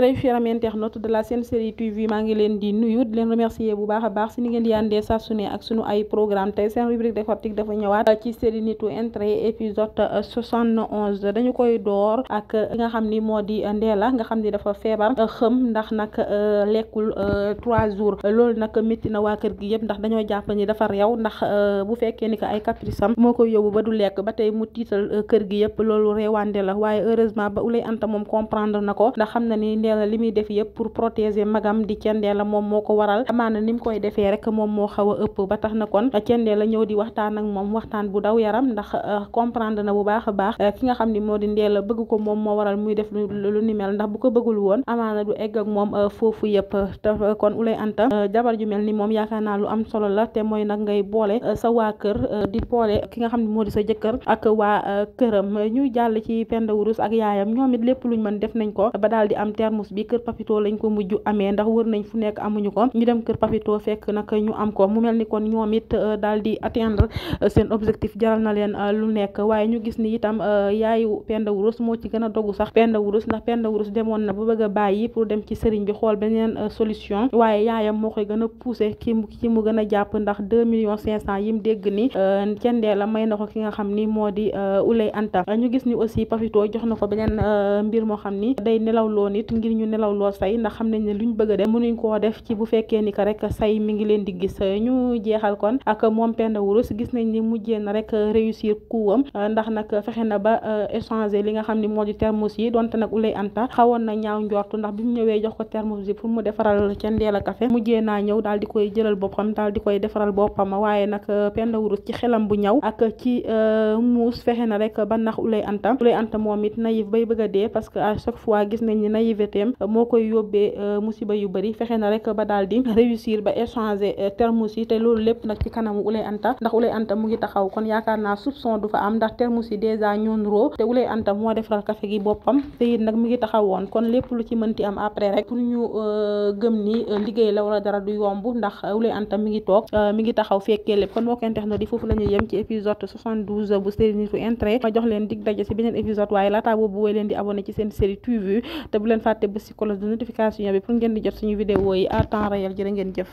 très fiers internautes de la Sen Série TV maa ngi leen di nuyu leen remercier bu baax a baax si ni ngeen di yàndee saa su ne ak ay programme tey seen rubrique décortique dafa ñëwaat ci série nitu intré épisode soixante-onze dañu koy door ak li nga xam ni moo di Ndella nga xam ni dafa feebar xëm ndax nag euh, lekkul euh, trois jours loolu nag métti na waa kër gi yëpp ndax dañoo jàppa ni dafa réew ndax euh, bu fekkee ni que ay caprice moo koy yóbbu ba du lekk ba tey mu tiital kër gi yëpp loolu Thiendella li muy def yëpp pour protéger magam di Thiendella moom moo ko waral amaana ni mu koy defee rek moom moo xaw a ëpp ba tax na kon Thiendella ñëw di waxtaan ak moom waxtaan bu daw yaram ndax euh, comprendre na bu baax a baax euh, ki nga xam ni moo di Ndella bëgg ko moom moo waral muy def lu ni mel ndax bu ko bëggul woon amaana du egg ak moom euh, foofu yëpp te kon Ulay Anta jabar ju mel ni moom yaakaar naa lu am solo la te mooy nag ngay boole sa waa kër di boole ki nga xam ne moo di sa jëkkër ak waa këram ñuy jàll ci Penda Wurus ak yaayam ñoom it lépp luñ mën def nañ ko thermos bi kër papito lañ ko mujj amee ndax wër nañ fu nekk amuñu ko ñu dem kër papito fekk nag ñu am ko mu mel ni kon ñoom it euh, daal di atteindre euh, seen objectif jaral na leen euh, lu nekk waaye ñu gis ni itam yaayu Penda Wurus moo ci gën a sax Penda Wurus ndax na ba bëgg a bàyyi pour dem ci sëriñ bi xool beneen solution waaye yaayam moo koy gën a ki ki mu gën a jàpp ndax deux millions cinq cent yi mu dégg ni cendee la may na ko nga xam ni moo di Ulay Anta ñu ngir ñu nelaw loo say ndax xam nañ ne luñ bëgg a def mënuñ koo def ci bu fekkee ni que rek say mi ngi leen di gis ñu jeexal kon ak moom Penda Wurus nañ ni mujjee na rek réussir kuwam ndax nag fexe na ba euh, échanger li nga xam ni moo di thermos yi donte nag ulay anta xawoon na ñaaw njortu ndax bi mu ñëwee jox ko thermos bi pour mu defaral ca Ndeela Café mujjee naa ñëw daal di koy jëlal boppam daal di koy defaral boppam waaye nag euh, Penda Wurus ci xelam bu ñaw ak ci euh, muus fexe na rek ba nax ulay anta ulay anta moom it bay bëgg dee parce que à chaque fois gis nañ ni naïf sociétéem moo koy yóbbee euh, musiba yu bëri fexe na rek ba daal di réussir ba échanger euh, termes te loolu lépp nag ci kanamu Ouleye Anta Anta mu ngi taxaw kon yaakaar naa soupçon du fa am ndax termes yi dèjà ñoon roo te Ouleye Anta moo defaral café gi boppam mu ngi taxawoon kon lépp lu ci mënti am après rek euh, la wala dara du yomb ndax Ouleye mi ngi toog mi ngi taxaw fekkee lépp kon mbokk internet yi foofu la yem ci épisode 72 bu série Nitou ma jox leen dig daje si beneen épisode waaye laata boobu woy leen di abonné ci seen série TV te bu fàtte ba si cloche de notification bi pour ngeen di jot vidéo yi à temps réel jërë ngeen jëf